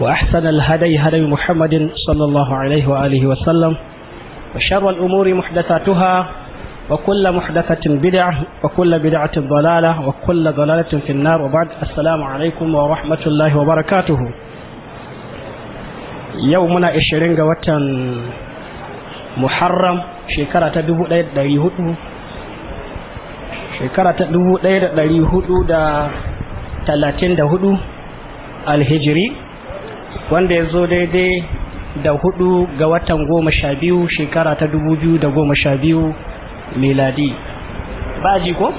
وأحسن الهدي هدي محمد صلى الله عليه وآله وسلم وشر الأمور محدثاتها وكل محدثة بدعة وكل بدعة ضلالة وكل ضلالة في النار وبعد السلام عليكم ورحمة الله وبركاته يومنا إشرين وطن محرم شكرة تدبو ليد دريهدو شكرة تدبو ليد دريهدو دا تلاتين دهدو الهجري wanda ya zo daidai da hudu ga watan goma sha biyu shekara ta dubu biyu da goma sha biyu miladi ba ji ko?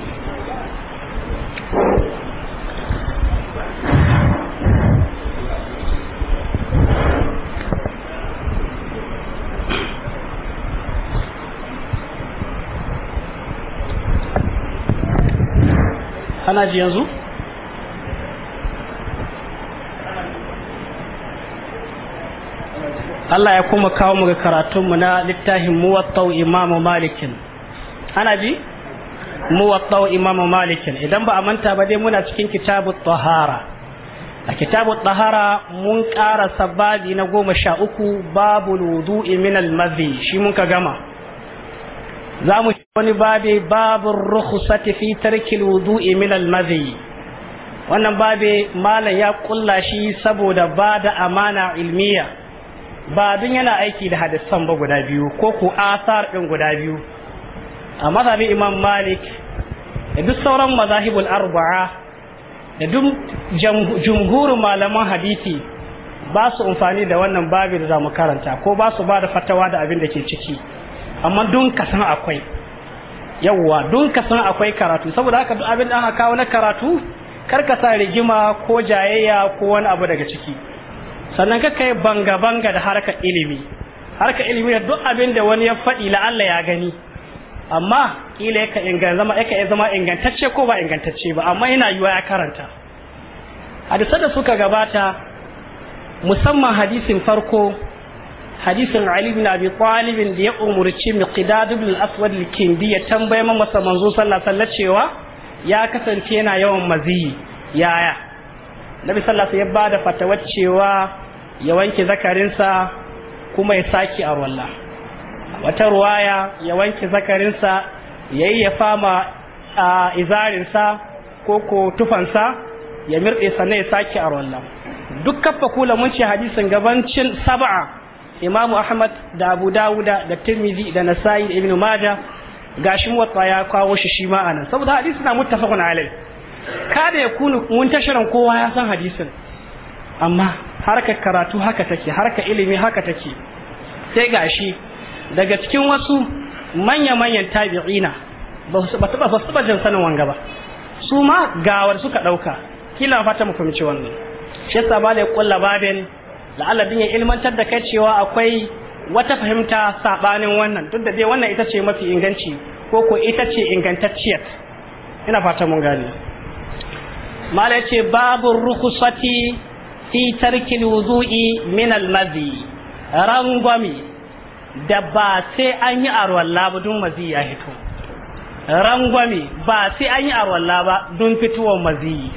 ana ji yanzu? Allah ya kuma kawo mu ga karatunmu na littafin muwattau imamu malikin ana ji muwattau imamu malikin idan ba a manta ba dai muna cikin kitabu tahara a kitabu tahara mun ƙara sababi na goma sha uku babu ludu min almazi shi mun ka gama za mu wani babi babu rukhsati fi tarki wudu'i min wannan babi malam ya kulla shi saboda ba da amana ilmiya ba dun yana aiki da hadisan ba guda biyu ko ku asar din guda biyu a mazhabin imam malik da duk sauran mazahibul arba'a da duk jumhurin malaman hadisi ba su amfani da wannan babi da zamu karanta ko ba su ba da fatawa da abin da ke ciki amma dun ka san akwai yawwa dun ka san akwai karatu saboda haka duk abin da aka kawo na karatu kar ka sa rigima ko jayayya ko wani abu daga ciki sannan ka kai banga-banga da harkar ilimi harka ilimi da duk abin da wani ya faɗi Allah ya gani amma ƙila yaka ingan zama yaka zama ingantacce ko ba ingantacce ba amma yana yiwa ya karanta hadisan da suka gabata musamman hadisin farko hadisin Ali bin Abi Talib da ya umurci Miqdad ibn al-Aswad al-Kindi ya tambaye masa manzo sallallahu alaihi cewa ya kasance yana yawan maziyi yaya Nabi sallallahu alaihi ya bada fatawar cewa ya wanke zakarinsa kuma ya sake a walla wata ruwaya ya wanke zakarinsa ya yi ya fama a izarinsa ko ko tufansa ya mirɗe sannan ya sake a walla duk kafa kula mun ce hadisin gabancin saba'a imamu ahmad da abu dawuda da tirmidhi da nasa'i da ibnu maja gashi muwatta ya kawo shi shi ma anan saboda hadisin na muttafaqun alai kada ya kunu tashar kowa ya san hadisin amma harkar karatu haka take harkar ilimi haka take sai gashi daga cikin wasu manya-manyan tabi'ina ba su ba jin sanin wanga ba su ma gawar suka ɗauka kila fata mu fahimci wannan shi yasa ba da kulla babin Allah din ya ilmantar da kai cewa akwai wata fahimta sabanin wannan duk da dai wannan ita ce mafi inganci ko ko ita ce ingantacciyar ina fata mun gane mala ce babu rukusati في ترك الوضوء من المذي رنغمي دبا سي اني ار والله بدون مذي يا هتو رنغمي با سي اني ار والله با دون فتو مذي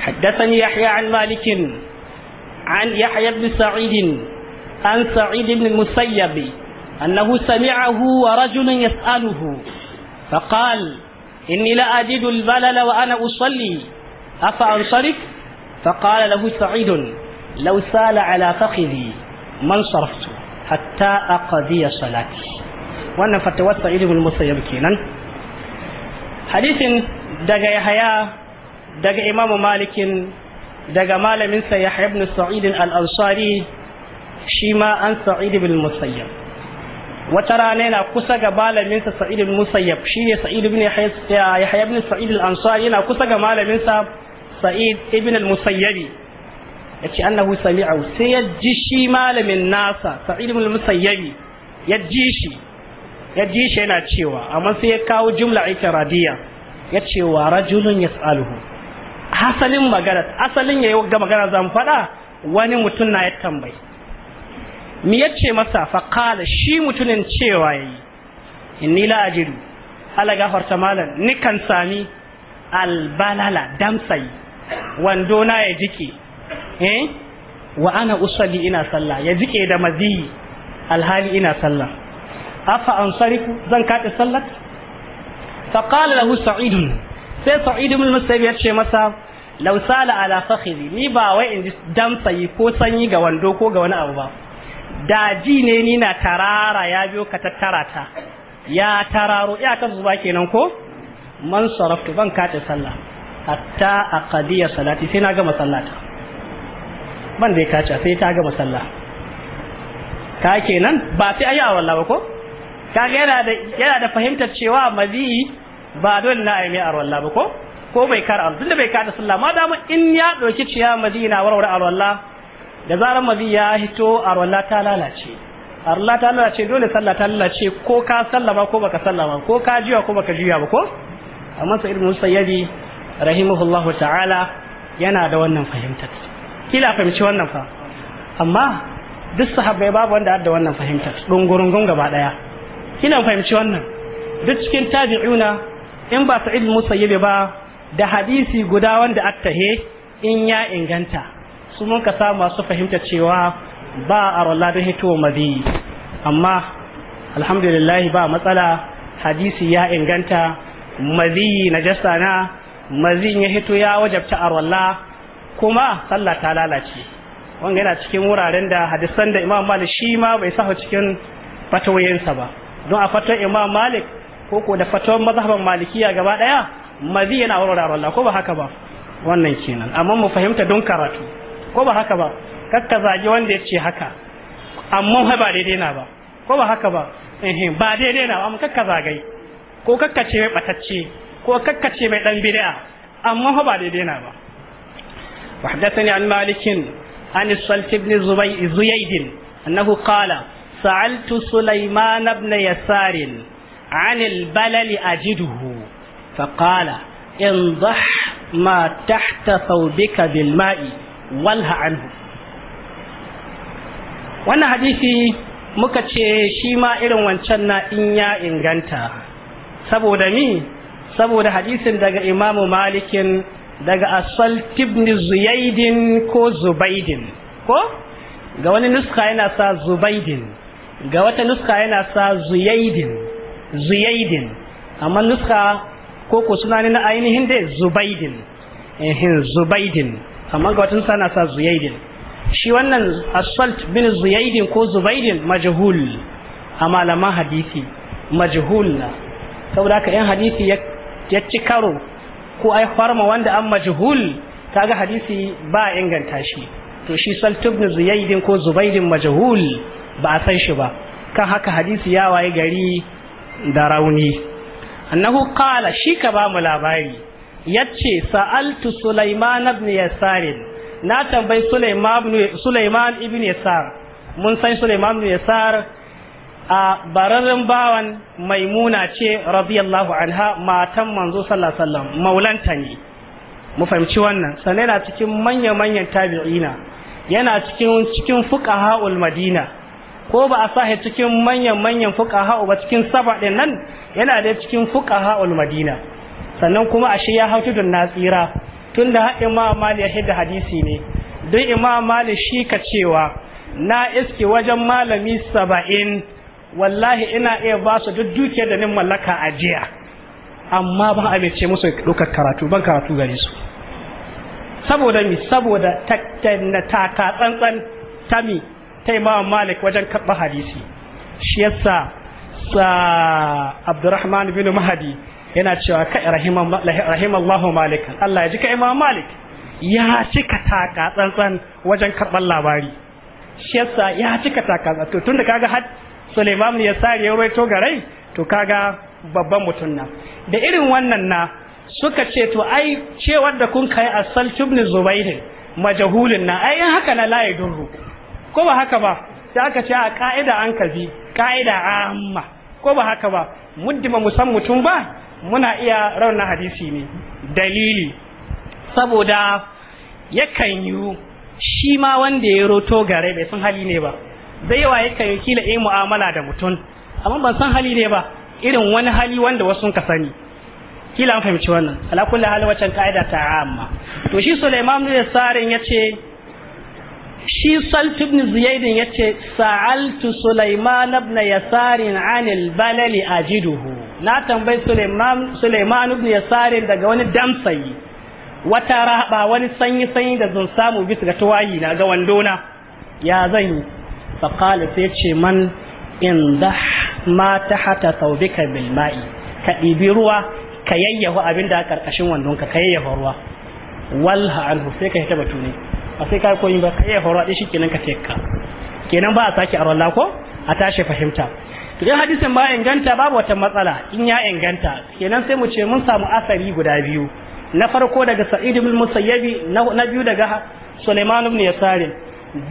حدثني يحيى عن مالك عن يحيى بن سعيد عن سعيد بن المسيب انه سمعه ورجل يساله فقال اني لا اجد البلل وانا اصلي افا افانصرف فقال له سعيد لو سال على فخذي من صرفت حتى أقضي صلاتي وأنا فتوى سعيد بن المسيب كينا حديث دقى يحيى دقى إمام مالك دقى مال من يحيى بن سعيد الأنصاري شيما أن سعيد بن المسيب wata rana yana kusa ga malaminsa Sa'id ibn Musayyab shine Sa'id ibn Yahya ibn Sa'id al-Ansari yana kusa ga malaminsa sa'id ibn al-musayyabi yace annahu sami'ahu sai ya ji shi malamin nasa sa'id ibn al-musayyabi ya ji shi ya ji shi yana cewa amma sai ya kawo jumla itiradiya ya ce wa rajulun yas'aluhu asalin magana asalin yayi ga magana zan faɗa wani mutum na ya tambayi mi yace masa Faƙala shi mutumin cewa yayi In ni ajidu ala gafarta malam ni kan sami albalala damsayi wando na ya jike eh wa ana usalli ina sallah ya jike da mazi alhali ina sallah afa ansariku zan kaɗe sallat fa qala lahu sa'id sai sa'id ibn musayyib ya ce masa law sala ala fakhri ni ba wai in damsayi ko sanyi ga wando ko ga wani abu ba daji ne ni na tarara ya biyo ka tattara ta ya tararo ya ta zuba kenan ko man saraftu ban kaɗe sallah hatta a kadiyar salati sai na gama sallata ban da ya kaca sai ta gama sallah ka kenan ba sai ayi awalla ba ko ka yana da yana da fahimtar cewa mazi ba dole na ayi mai awalla ba ko ko bai kara tunda bai kada sallah ma dama in ya dauki ciya mazi na warware awalla da zarar mazi ya hito awalla ta lalace Allah ta lalace ce dole sallah ta lalace ko ka sallama ko baka sallama ko ka jiya ko baka jiya ba ko amma sai ibn Musayyadi rahimahullahu ta'ala yana da wannan fahimtar kila fahimci wannan fa amma duk sahabbai babu wanda da wannan fahimtar dungurungun gaba daya kina fahimci wannan duk cikin tabi'una in ba sa'id musayyib ba da hadisi guda wanda attahe in ya inganta su mun ka samu masu fahimta cewa ba a rola don hitowa mazi amma alhamdulillah ba matsala hadisi ya inganta mazi na jasta na mazin ya hito ya wajabta arwalla kuma sallah ta lalace wanda yana cikin wuraren da hadisan da imam malik shi ma bai sahu cikin fatawoyinsa ba don a fatawar imam malik ko ko da fatawar mazhaban malikiya gaba daya mazi yana warware arwalla ko ba haka ba wannan kenan amma mu fahimta don karatu ko ba haka ba kakka zagi wanda ya ce haka amma ba daidai na ba ko ba haka ba ba daidai na ba amma kakka zagai ko kakka ce mai batacce ko kakkace mai dan bid'a amma fa ba daidai na ba وحدثني عن مالك عن الصلت بن زيد أنه قال سألت سليمان بن يسار عن البلل أجده فقال انضح ما تحت ثوبك بالماء والها عنه wannan hadisi muka ce shi ma irin wancan na in ya inganta saboda mi saboda hadisin daga imamu malikin daga asalt ibn zuyaidin ko zubaidin ko ga wani nuska yana sa zubaidin ga wata nuska yana sa zuyaidin zuyaidin amma nuska ko ko suna ne na ainihin dai zubaidin ehin zubaidin amma ga wata nuska yana sa zuyaidin shi wannan asalt bin zuyaidin ko zubaidin majhul a malaman hadisi majhul na saboda haka yan hadisi ya ya ci karo ko ai farma wanda an majhul kaga hadisi ba inganta shi to shi saltubnu zuyaidin ko zubaidin majhul ba a san shi ba kan haka hadisi ya waye gari da rauni annahu qala shi ka ba mu labari yace sa'altu sulaiman ibn yasar na tambayi sulaiman ibn yasar mun san sulaiman ibn yasar a bararren bawan maimuna ce radiyallahu anha matan manzo sallallahu sallam maulanta ne mu fahimci wannan sannan yana cikin manya-manyan tabi'ina yana cikin cikin fuqaha'ul madina ko ba a sahi cikin manyan-manyan fuqaha'u ba cikin saba din nan yana da cikin fuqaha'ul madina sannan kuma ashe ya hau tudun nasira tunda haɗin ma mali ya da hadisi ne duk imam mali shi ka cewa na iske wajen malami saba'in wallahi ina iya ba su duk dukiyar da nin mallaka a jiya amma ba a musu ɗaukar karatu ban karatu gare su saboda mi saboda ta taka tsantsan tami ta imam malik wajen karɓar hadisi shi yasa sa abdurrahman bin mahadi yana cewa kai rahimallahu malik Allah ya ji kai imam malik ya cika taka tsantsan wajen karɓar labari shi yasa ya cika taka tsantsan tun da kaga Suleiman ya sare ya roito garai to kaga babban mutum na da irin wannan na suka ce to ai cewar da kun kai asal ibn zubayr majahulin na ai in haka na layi durru ko ba haka ba sai aka ce a ka'ida an kazi ka'ida amma ko ba haka ba muddima musan mutum ba muna iya rauna hadisi ne dalili saboda yakan yi shi ma wanda ya roto gare bai san hali ne ba da yawa yakan yi kila yi mu'amala da mutum amma ban san hali ne ba irin wani hali wanda wasu ka sani kila an fahimci wannan ala kulli hali wacan ka'ida ta amma to shi Sulaiman bin Sarin yace shi Salt ibn Ziyad yace sa'altu Sulaiman ibn Yasarin anil balali ajiduhu na tambayi Sulaiman Sulaiman ibn Yasarin daga wani damsayi wata raba wani sanyi sanyi da zan samu bisa ga tawayi na ga wandona ya zan yi faƙali sai ce man in da ma ta hata saubika bilma'i ka ɗibi ruwa ka yayyahu abin da karkashin wandonka ka yayyafa ruwa walha anhu sai ka hita batu ne ba sai ka koyi ba ka yayyafa ruwa ɗin kenan ka teka kenan ba a sake a rolla ko a tashi fahimta to dai hadisin ba inganta babu wata matsala in ya inganta kenan sai mu ce mun samu asari guda biyu na farko daga sa'id ibn musayyabi na biyu daga Sulaiman ibn Yasarin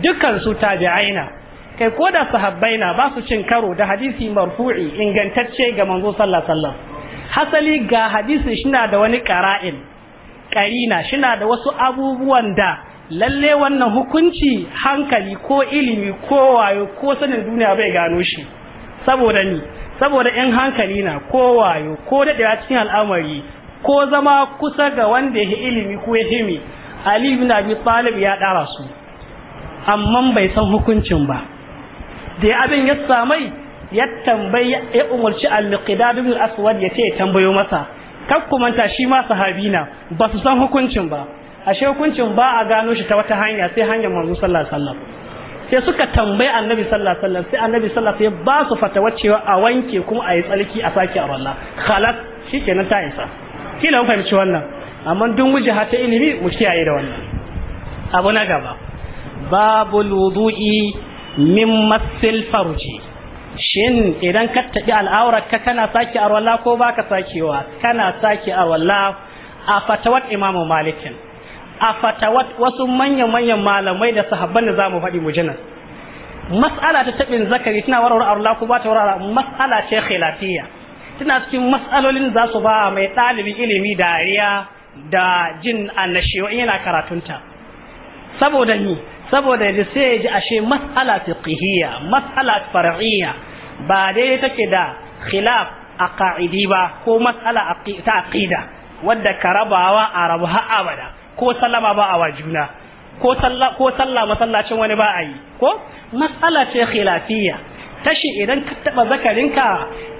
dukkan su tabi'aina kai ko da sahabbai na ba su cin karo da hadisi marfu'i ingantacce ga manzo sallallahu alaihi wasallam hasali ga hadisi shina da wani qara'in qarina shina da wasu abubuwan da lalle wannan hukunci hankali ko ilimi ko wayo ko sanin duniya bai gano shi saboda ni saboda in hankali na ko wayo ko da cikin al'amari ko zama kusa ga wanda ya ilimi ko ya himi Ali ibn Abi Talib ya ɗara su amma bai san hukuncin ba da ya abin ya samai ya tambayi ya umarci al qidad ibn al-aswad ya ce tambayo masa kar kuma ta shi ma sahabi na ba su san hukuncin ba ashe hukuncin ba a gano shi ta wata hanya sai hanyar manzo sallallahu alaihi wasallam sai suka tambayi annabi sallallahu alaihi wasallam sai annabi sallallahu alaihi wasallam ya ba su fatawa cewa a wanke kuma a yi tsarki a sake a wallah khalas shikenan ta isa kila mun fahimci wannan amma dun wujaha ta ilimi mu kiyaye da wannan abu na gaba babul wudu'i min masil farji shin idan ka taɓi al'aurar ka kana sake arwalla ko baka sakewa kana sake arwalla a fatawat imamu malikin a fatawat wasu manyan-manyan malamai da sahabban da zamu faɗi mujinan mas'ala ta taɓin zakari tana warware arwalla ko ba ta warware mas'ala ce khilafiyya tana cikin mas'alolin za su ba mai ɗalibin ilimi dariya da jin annashewa yana karatunta saboda ni saboda yanzu sai ya ji ashe mas'ala fiqhiyya mas'ala far'iyya ba dai take da khilaf a ka'idi ba ko mas'ala ta aqida wadda ka rabawa a rabu har abada ko sallama ba a wajuna ko ko sallah masallacin wani ba a yi ko mas'ala ce khilafiyya tashi idan ka taba zakarinka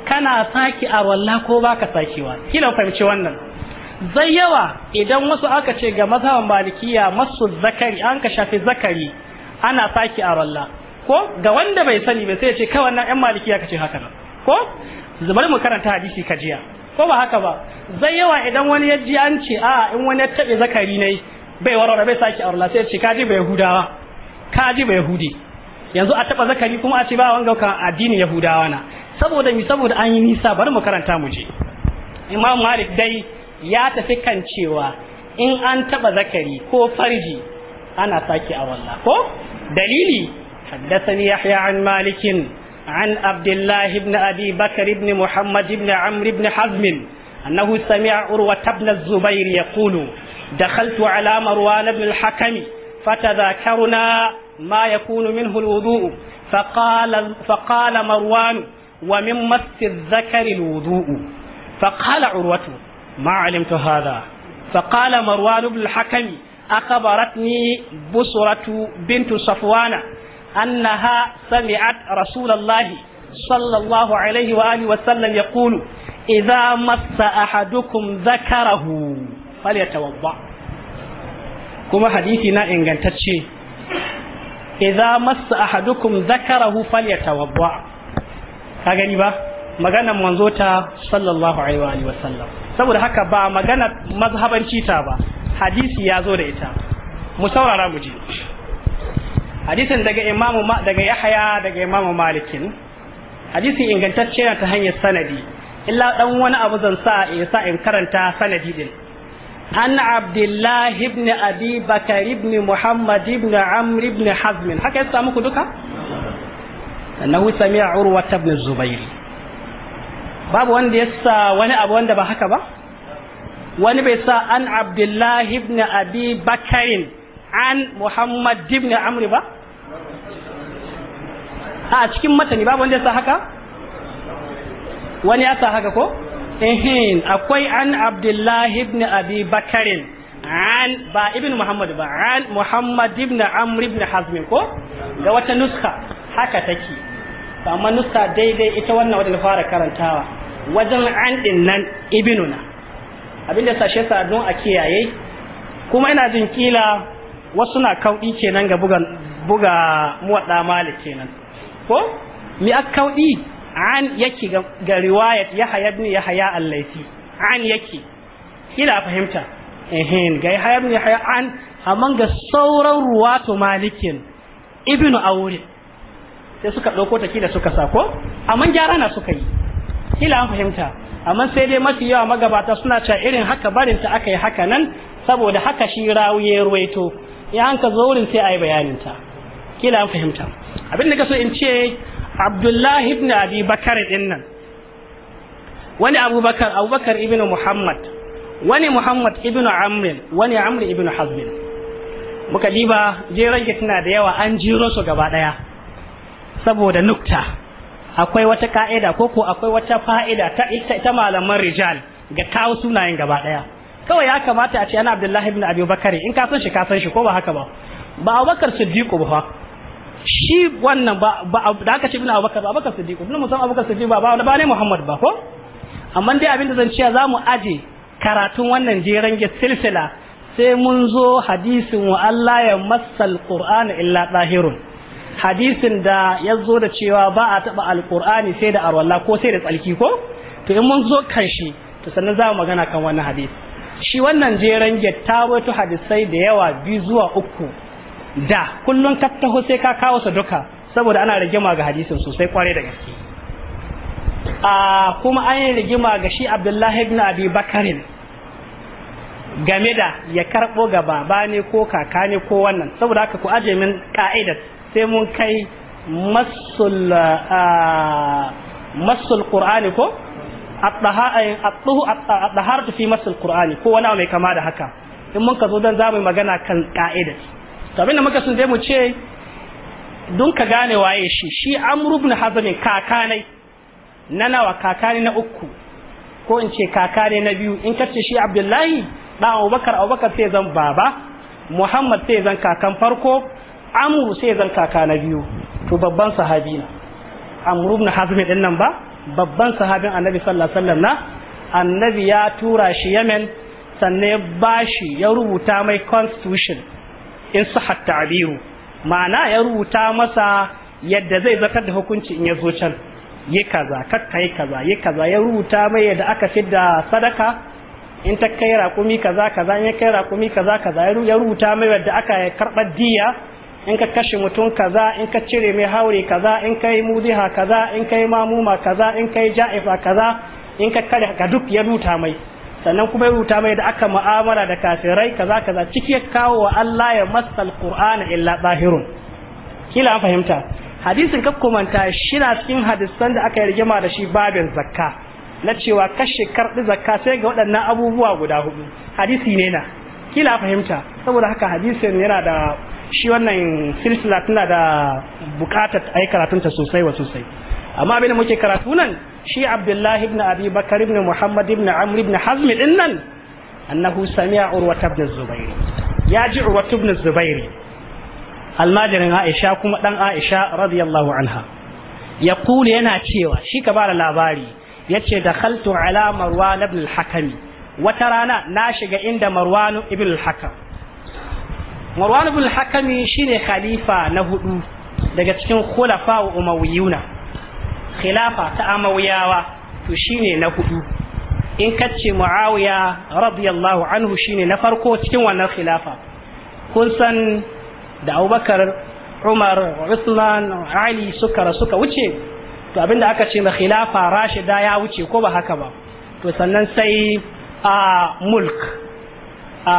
kana saki a walla ko baka sakewa kina fahimci wannan zai yawa idan wasu aka ce ga mazhaban malikiya masu zakari an ka shafi zakari ana saki a ralla ko ga wanda bai sani bai sai ya ce kawai nan yan malikiya ce haka nan ko zubar mu karanta hadisi ka jiya ko ba haka ba zai yawa idan wani ya ji an ce a in wani ya taɓe zakari ne bai warware bai saki a ralla sai ya ce kaji bai hudawa kaji bai yahudi yanzu a taɓa zakari kuma a ce ba wanga kan addinin yahudawa na saboda mi saboda an yi nisa bari mu karanta mu je imam malik dai ya tafi kan cewa in an taba zakari ko farji ana sake a walla ko dalili haddathani yahya an malikin an abdullahi ibn abi bakr ibn muhammad ibn amr ibn hazm sami'a urwa ibn dakhaltu ala marwan ibn al-hakam ma yakunu minhu فقال فقال مروان ومن مس الذكر الوضوء فقال ما علمت هذا فقال مروان بن الحكم أخبرتني بصرة بنت صفوان أنها سمعت رسول الله صلى الله عليه وآله وسلم يقول إذا مس أحدكم ذكره فليتوضأ كما حديثنا إن قنتشي إذا مس أحدكم ذكره فليتوضأ كاغني با maganar manzo ta sallallahu alaihi wa sallam saboda haka ba magana mazhabanci ta ba hadisi ya zo da ita mu saurara mu ji hadisin daga imamu daga yahaya daga imamu malikin hadisi ingantacce ta hanyar sanadi illa dan wani abu zan sa ya sa in karanta sanadi din an abdullah ibn abi bakar ibn muhammad ibn amr ibn hazm haka ya samu ku duka annahu sami'a urwa ibn zubairi babu wanda ya sa wani abu wanda ba haka ba wani bai sa an abdullahi ibn abi bakarin an muhammad ibn amri ba a cikin matani babu wanda ya sa haka wani ya sa haka ko ehin akwai an abdullahi ibn abi bakarin an ba ibn muhammad ba an muhammad ibn amr ibn hazm ko ga wata nuska haka take amma nuska daidai ita wannan wadda fara karantawa wajen an din nan ibinuna abinda sashe sa a kiyaye kuma ina jin kila wasu na kauɗi kenan ga buga buga muwadda malik kenan ko mi aka kauɗi an yake ga riwayat yahya ibn yahya al-laisi an yake kila fahimta ehin ga yahya ya haya an amma ga sauran ruwatu malikin ibnu aure sai suka ɗauko ta kila suka sa ko amma gyara na suka yi kila an fahimta amma sai dai mafi yawa magabata suna cewa irin haka barin ta aka yi haka nan saboda haka shi rawiye ruwaito ya hanka ka zo wurin sai a yi bayanin ta kila an fahimta abin da kaso in ce abdullahi ibn abi bakar din nan wani abubakar abubakar ibn muhammad wani muhammad ibn amr wani amr ibn hazm muka diba jeran tana da yawa an jiro su gaba daya saboda nukta akwai wata ka'ida ko ko akwai wata fa'ida ta ita malaman rijal ga kawo sunayen gaba daya kawai ya kamata a ce ana abdullahi ibn abi bakari in ka san shi ka san shi ko ba haka ba ba abubakar siddiq ba shi wannan ba da aka ce ibn abubakar ba abubakar siddiq ibn musa abubakar siddiq ba ba ne muhammad ba ko amma dai abinda zan ce za mu aje karatun wannan jeren silsila sai mun zo hadisin wa Allah ya masal Qur'an illa zahirun hadisin da ya zo da cewa ba a taɓa alƙur'ani sai da arwalla ko sai da tsalki ko to in mun zo kan shi to sannan za mu magana kan wannan hadisi shi wannan jeren ta rawaito hadisai da yawa biyu zuwa uku da kullum ka taho sai ka kawo su duka saboda ana rigima ga hadisin sosai kwarai da gaske a kuma an yi rigima ga shi abdullahi ibn abi bakarin game da ya karɓo ga baba ne ko kaka ne ko wannan saboda haka ku aje min ka'idar sai mun kai masul ah, masul qur'ani ko at-taharatu eh, fi masul qur'ani ko wani mai kama da haka in mun ka zo dan zamu magana kan ka'ida to abinda muka sun dai mu ce don ka gane waye shi shi amru ibn hazm kakanai na nawa kakani na uku ko in ce kakani na biyu in ka ce shi abdullahi dan abubakar abubakar sai zan baba muhammad sai zan kakan farko amru sai zan kaka na biyu to babban sahabi na amru ibn hazm din nan ba babban sahabin annabi sallallahu alaihi wasallam na annabi ya tura shi yemen sannan ya bashi ya rubuta mai constitution in sahat ta'biru ma'ana ya rubuta masa yadda zai zakar da hukunci in ya zo can yi kaza kakka yi kaza yi kaza ya rubuta mai yadda aka fidda sadaka in ta kai raƙumi kaza kaza in ya kai raƙumi kaza kaza ya rubuta mai yadda aka karɓar diya in ka kashe mutum kaza in ka cire mai haure kaza in kai muziha kaza in kai mamuma kaza in kai ja'ifa kaza in ka kare ga duk ya ruta mai sannan kuma ya ruta mai da aka mu'amala da kafirai kaza kaza ciki ya kawo wa Allah ya masal qur'ana illa zahirun kila an fahimta hadisin ka shi na cikin hadisan da aka yi rigima da shi babin zakka na cewa kashe karɗi zakka sai ga waɗannan abubuwa guda hudu hadisi ne na kila fahimta saboda haka hadisin yana da shi wannan silsila tana da bukatar ai karatunta sosai wa sosai amma abin da muke karatu nan shi abdullahi ibn abi bakar ibn muhammad ibn amr ibn hazm din nan annahu sami'a urwata ibn zubair ya ji urwata ibn zubair almajirin aisha kuma dan aisha radiyallahu anha ya kula yana cewa shi ka bada labari yace dakhaltu ala marwan ibn al-hakami wata rana na shiga inda marwan ibn al-hakam marwan ibn hakami shine khalifa na hudu daga cikin khulafa wa umawiyuna khilafa ta amawiyawa to shine na hudu in kace muawiya radiyallahu anhu shine na farko cikin wannan khilafa kun san da abubakar umar usman ali suka suka wuce to abinda aka ce ma khilafa rashida ya wuce ko ba haka ba to sannan sai a mulk a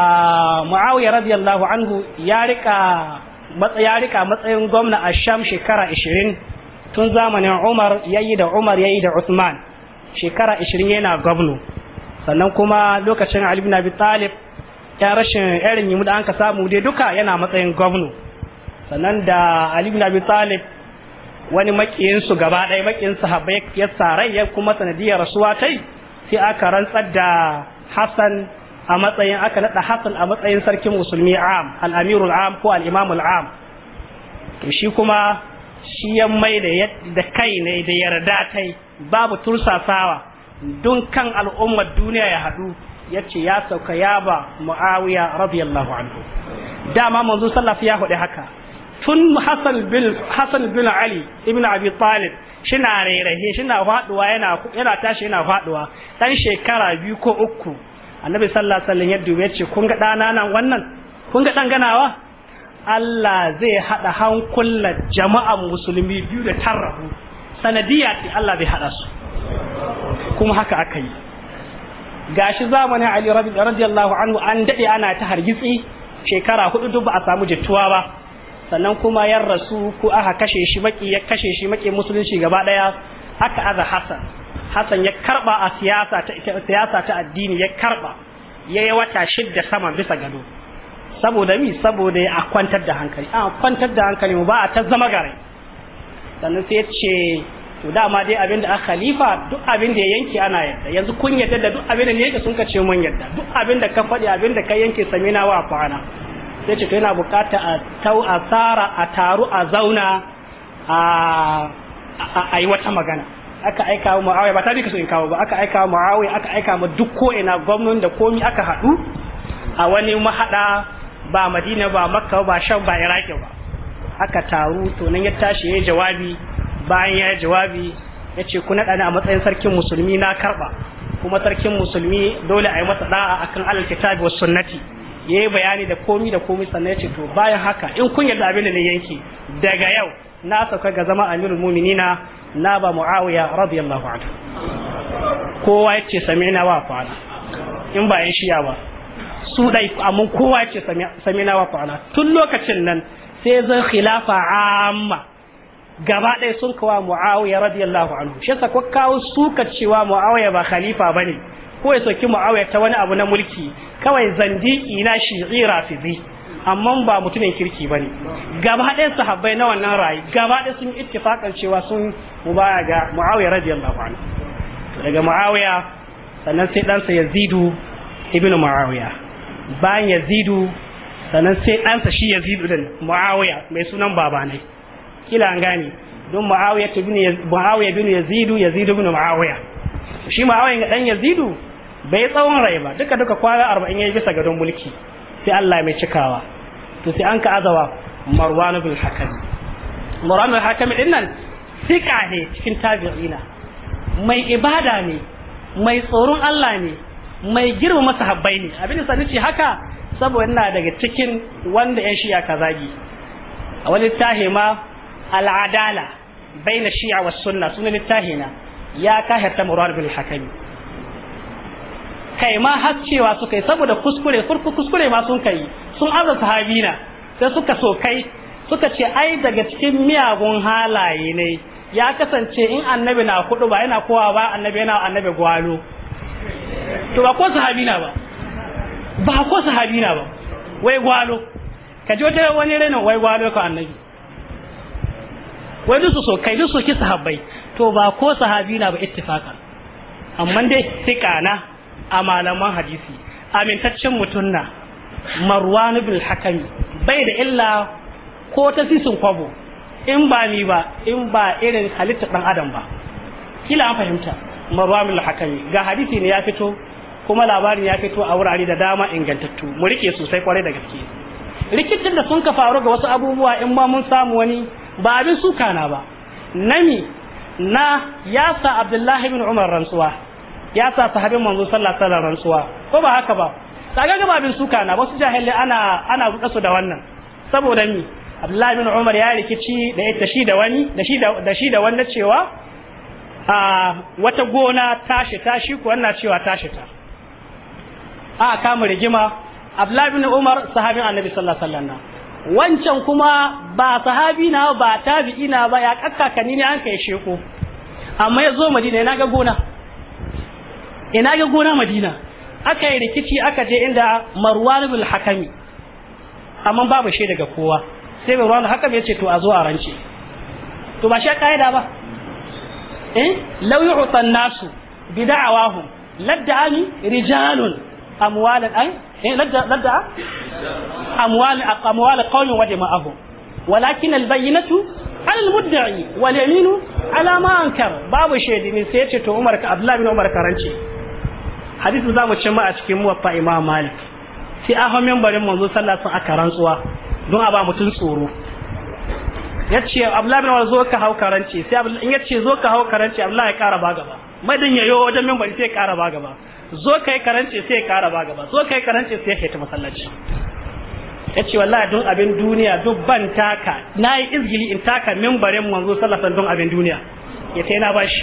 muawiya radiyallahu anhu ya rika matsayin gwamna a sham shekara 20 tun zamanin umar yayi da umar yayi da usman shekara 20 yana gwamnu sannan kuma lokacin ali ibn abi talib ya rashin irin yi da an ka samu dai duka yana matsayin gwamnu sannan da ali ibn abi talib wani makiyinsu gaba ɗaya makiyin sahabbai ya tsarai ya kuma sanadiyar rasuwa tai sai aka rantsar da hassan a matsayin aka naɗa Hassan a matsayin sarkin musulmi am al'amirul am ko al'imamul am to shi kuma shi ya mai da kai ne da yarda tai babu tursasawa don kan al'ummar duniya ya haɗu ya ce ya sauka ya ba mu'awiya radiyallahu anhu dama manzo sallaf ya hudu haka tun Hassan bin hasan bin Ali ibn Abi Talib shina rairahe shina faduwa yana yana tashi yana faduwa dan shekara biyu ko uku annabi sallallahu alaihi wasallam ya dubi ce kun ga dana nan wannan kun ga dan ganawa Allah zai hada hankula jama'an musulmi biyu da tarrahu sanadiya ce Allah zai hada su kuma haka aka yi gashi zamanin Ali radiyallahu anhu an dade ana ta hargitsi shekara hudu duk ba a samu jittuwa ba sannan kuma yar rasu ko aka kashe shi maki ya kashe shi maki musulunci gaba daya aka aza Hassan Hassan ya karba a siyasa ta siyasa ta addini ya karba yayi wata shidda sama bisa gado saboda mi saboda a kwantar da hankali a kwantar da hankali mu ba a ta zama gare sannan sai ya ce to dama dai abin da aka khalifa duk abin da ya yanke ana yadda yanzu kun yadda da duk abin da ne sun sun ce mun yadda duk abin da ka faɗi abin da ka yanke samina wa kwana sai ce to yana bukata a tau a a taru a zauna a a yi wata magana aka aika wa ma'awai ba ta ka so in kawo ba aka aika wa ma'awai aka aika ma duk ko ina gwamnati da komi aka haɗu a wani mahaɗa ba Madina ba Makka ba Sham ba Iraki ba aka taru to nan ya tashi ya jawabi bayan ya jawabi yace ku naɗa ni a matsayin sarkin musulmi na karɓa kuma sarkin musulmi dole a yi masa da'a akan alal kitabi was sunnati ya yi bayani da komi da komi sannan yace to bayan haka in kun yarda abin da ne yanki daga yau na sauka ga zama amirul muminina laba muawiya radiyallahu anhu kowa yace sami'na wa fa'ala in ba yin shiya ba su dai amma kowa yace sami'na wa fa'ala tun lokacin nan sai zai khilafa amma gaba ɗaya sun kawa muawiya radiyallahu anhu shi yasa ko kawo suka cewa muawiya ba khalifa bane ko ya soki muawiya ta wani abu na mulki kawai zandiki na shi tsira fi amma ba mutumin kirki ba ne. gaba ɗaya sahabbai na wannan rayu. gaba ɗaya sun ittifaqan cewa sun mubaya ga Muawiya radiyallahu anhu daga Muawiya sannan sai ɗansa Yazidu ibnu Muawiya bayan Yazidu sannan sai ɗansa shi Yazidu din Muawiya mai sunan baba ne kila an gane don Muawiya ibn Muawiya ibn Yazidu Yazidu ibn Muawiya shi Muawiya ga dan Yazidu bai tsawon rai ba duka duka kwana 40 yayi bisa gadon mulki sai Allah mai cikawa Tusi an ka azawa Marwanu bin hakam Marwanu bin hakam din nan sika ne cikin tabi'ina mai ibada ne mai tsoron Allah ne mai girma masahabbai ne abin da sani haka saboda ina daga cikin wanda yan shi'a kazagi a wani tahima al'adala baina shi'a was sunna sunan tahina ya kahirta Marwanu bin hakami kai ma har cewa suka saboda kuskure kuskure ma sun kai sun aza sahabina sai suka so kai suka ce ai daga cikin miyagun halaye ne ya kasance in annabi na kudu ba yana kowa ba annabi yana annabi gwalo to ba ko sahabina ba ba ko sahabina ba wai gwalo ka ji wata wani rena wai gwalo ka annabi wai dusu so kai dusu ki sahabbai to ba ko sahabina ba ittifaka amma dai na a malaman hadisi amintaccen mutunna marwan ibn hakami bai da illa ko ta sisin kwabo in ba ni ba in ba irin halitta dan adam ba kila an fahimta marwan ibn hakami ga hadisi ne ya fito kuma labarin ya fito a wurare da dama ingantattu mu rike sosai kwarai da gaske rikicin da sun ka faru ga wasu abubuwa in ma mun samu wani ba abin suka na ba nami na ya sa abdullahi bin umar rantsuwa ya sa sahabin manzo sallallahu alaihi wasallam rantsuwa ko ba haka ba kaga ga babin suka na wasu jahilai ana ana ruɗa su da wannan saboda ni Abdullahi bin Umar ya rikici da ita shi da wani da shi da shi da wanda cewa a wata gona tashi tashi ko wannan cewa tashi ta a kama rigima Abdullahi bin Umar sahabin Annabi sallallahu alaihi wasallam wancan kuma ba sahabi na ba tabi'i na ba ya kakkakani ne an kai sheko amma ya zo Madina ina ga gona ina ga gona Madina aka yi rikici aka je inda marwan bil hakami amma babu shi daga kowa sai marwan hakami yace to a zo a rance to ba shi kaida ba eh law yu'ta nasu bi da'awahum ladda'ani rijalun amwalan an eh ladda ladda amwal amwal qawmin wa jama'ahum walakin al bayyinatu على المدعي واليمين على ما انكر باب الشهيد من سيتي عمر عبد الله بن عمر كرنشي hadisin za mu cimma a cikin muwaffa imam malik sai a hamin barin manzo alaihi wasallam aka rantsuwa don a ba mutum tsoro yace ce abdullahi bin umar zo ka hau karanci sai in yace zo ka hau karanci abdullahi ya kara ba gaba madin yayo wajen minbari sai ya kara ba gaba zo kai karanci sai ya kara ba gaba zo kai karanci sai ya kai masallaci yace wallahi don abin duniya duk ban taka nayi izgili in taka minbarin manzo sallallahu alaihi wasallam don abin duniya ya kai na bashi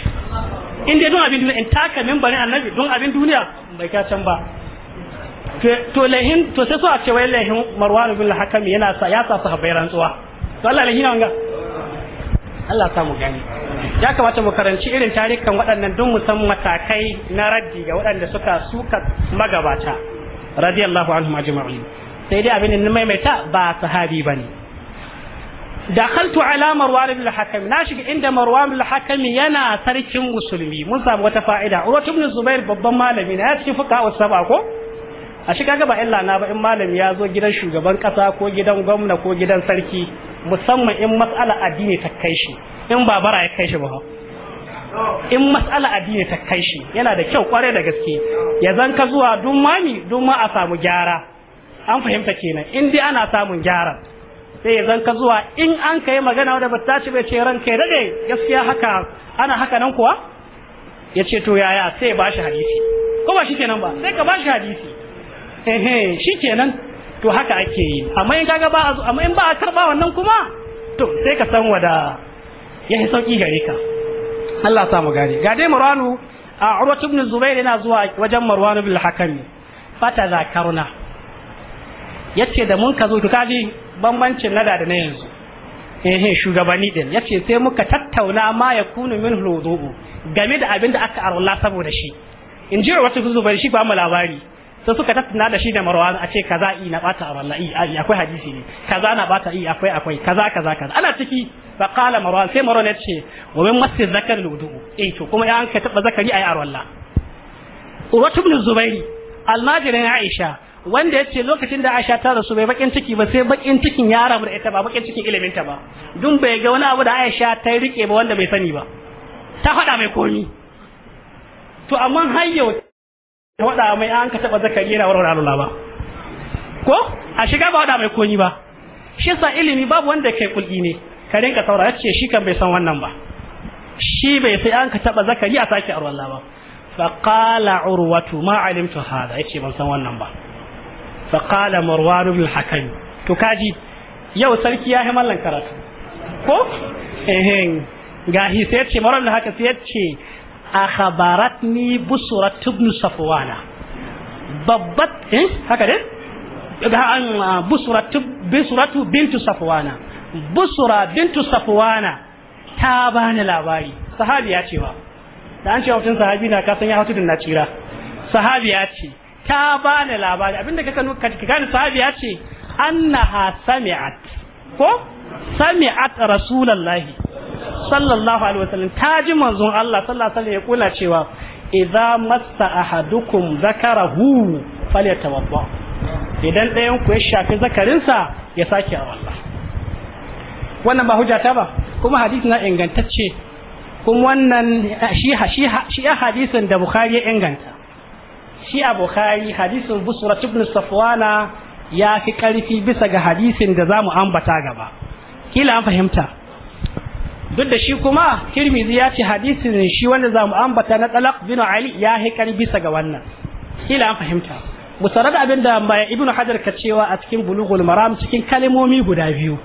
in dai don abin duniya in taka membarin annabi don abin duniya bai ka can ba to lahin to sai so a ce wai lahin marwan bin hakami yana sa ya sa sahabbai rantsuwa to Allah lahin wanga Allah ta mu gani ya kamata mu karanci irin tarihin waɗannan don mu san matakai na raddi ga waɗanda suka suka magabata radiyallahu anhum ajma'in sai dai abin da maimaita ba sahabi bane dakhaltu ala marwan ibn al na shiga inda marwan ibn al yana sarkin musulmi mun samu wata fa'ida urwa ibn zubair babban malami na cikin fuka wa saba ko a shiga kaga ba illa na ba in malami ya zo gidan shugaban kasa ko gidan gwamna ko gidan sarki musamman in mas'ala addini ta kai shi in babara ya kai shi ba in mas'ala addini ta kai shi yana da kyau kwarai da gaske ya zanka zuwa dun mami dun ma a samu gyara an fahimta kenan in dai ana samun gyara sai ya zanka zuwa in an ka yi magana wadda bata ci bai ce ranka ya dade gaskiya haka ana haka nan kuwa ya ce to yaya sai ba shi hadisi ko ba shi kenan ba sai ka ba shi hadisi ehe shi kenan to haka ake yi amma in kaga ba amma in ba a karba wannan kuma to sai ka san wada ya yi sauki gare ka Allah ya mu gane ga dai Marwanu a Urwatu ibn Zubair yana zuwa wajen Marwanu bil Hakami fata zakaruna yace da mun ka zo to kaji bambancin nada da na yanzu eh shugabanni din ce sai muka tattauna ma ya kunu min hudubu game da abin da aka arwala saboda shi in ji wata zubar shi ba mu labari sai suka tattauna da shi da Marwan a ce kaza i na bata arwala i akwai hadisi ne kaza na bata i akwai akwai kaza kaza kaza ana ciki fa qala Marwan sai Marwan ya ce wa min masjid zakar hudubu eh to kuma ya an ka taba zakari ayi arwala Urwatu ibn Zubairi almajirin Aisha wanda ya ce lokacin da Aisha ta rasu bai bakin ciki ba sai bakin cikin ya rabu da ita ba bakin cikin ilimin ta ba dun bai ga wani abu da Aisha ta rike ba wanda bai sani ba ta faɗa mai komi to amma har yau ta faɗa mai an ka taɓa zakari yana warware alula ba ko a shiga ba faɗa mai komi ba shi sa ilimi babu wanda kai kulki ne ka rinka ya ce shi kan bai san wannan ba shi bai sai an ka taɓa zakari a sake arwala ba فقال عروة ما علمت ce ban san wannan ba. fa qala marwan ibn al-hakam to kaji yau sarki ya yi mallan karatu ko eh gahi sai ce marwan da haka sai ce akhbaratni busrat ibn safwana babbat eh haka bintu safwana busra bintu ta bani labari sahabi ya cewa da an ce mutum sahabi na kasan ya hautu na tsira sahabi ya ce ta bani labari abinda kaka nuka ka gani sahabi ya ce annaha sami'at ko sami'at rasulullahi sallallahu alaihi wasallam ta ji manzon Allah sallallahu alaihi wasallam ya kula cewa idza massa ahadukum zakarahu falyatawadda idan ɗayan ku ya shafi zakarinsa ya sake a wallah wannan ba hujja ta ba kuma hadisi na ingantacce kuma wannan shi shi shi hadisin da Bukhari ya inganta shi a hadisin busra ibn safwana ya fi karfi bisa ga hadisin da zamu ambata gaba kila an fahimta duk da shi kuma tirmidhi ya ce hadisin shi wanda zamu ambata na talaq bin ali ya fi karfi bisa ga wannan kila an fahimta musarrad abinda mai ibnu hajar ka cewa a cikin bulughul maram cikin kalmomi guda biyu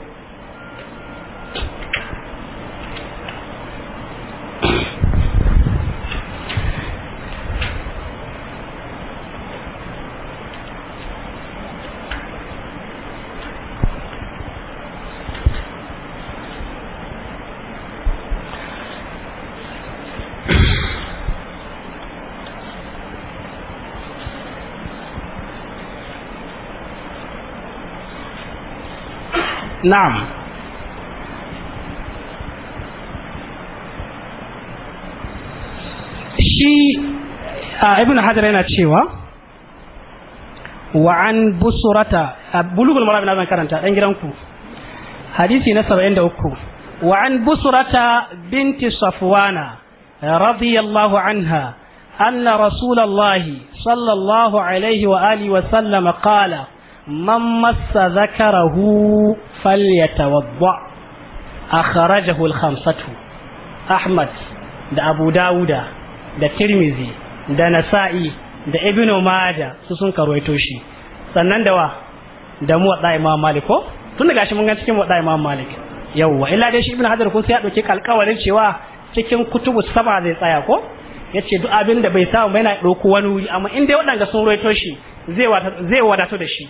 na'am shi ibn hajar yana cewa وعن بصرة بلوغ المرام لازم كرنتا دان جيرانكو حديثي نا 73 وعن بصرة بنت صفوان رضي الله عنها أن رسول الله صلى الله عليه وآله وسلم قال man massa zakarahu falyatawadda akhrajahu al-khamsatu Ahmad da Abu Dawuda da Tirmizi da Nasa'i da Ibn Majah su sun karwaito shi sannan da wa da mu wadda Imam Malik ko tun daga shi mun ga cikin wadda Imam Malik yawwa illa dai shi Ibn Hajar ko sai ya dauke kalkawarin cewa cikin kutubu saba zai tsaya ko yace duk abin da bai samu yana dauko wani wuri amma in dai waɗanda sun roito shi zai wadato da shi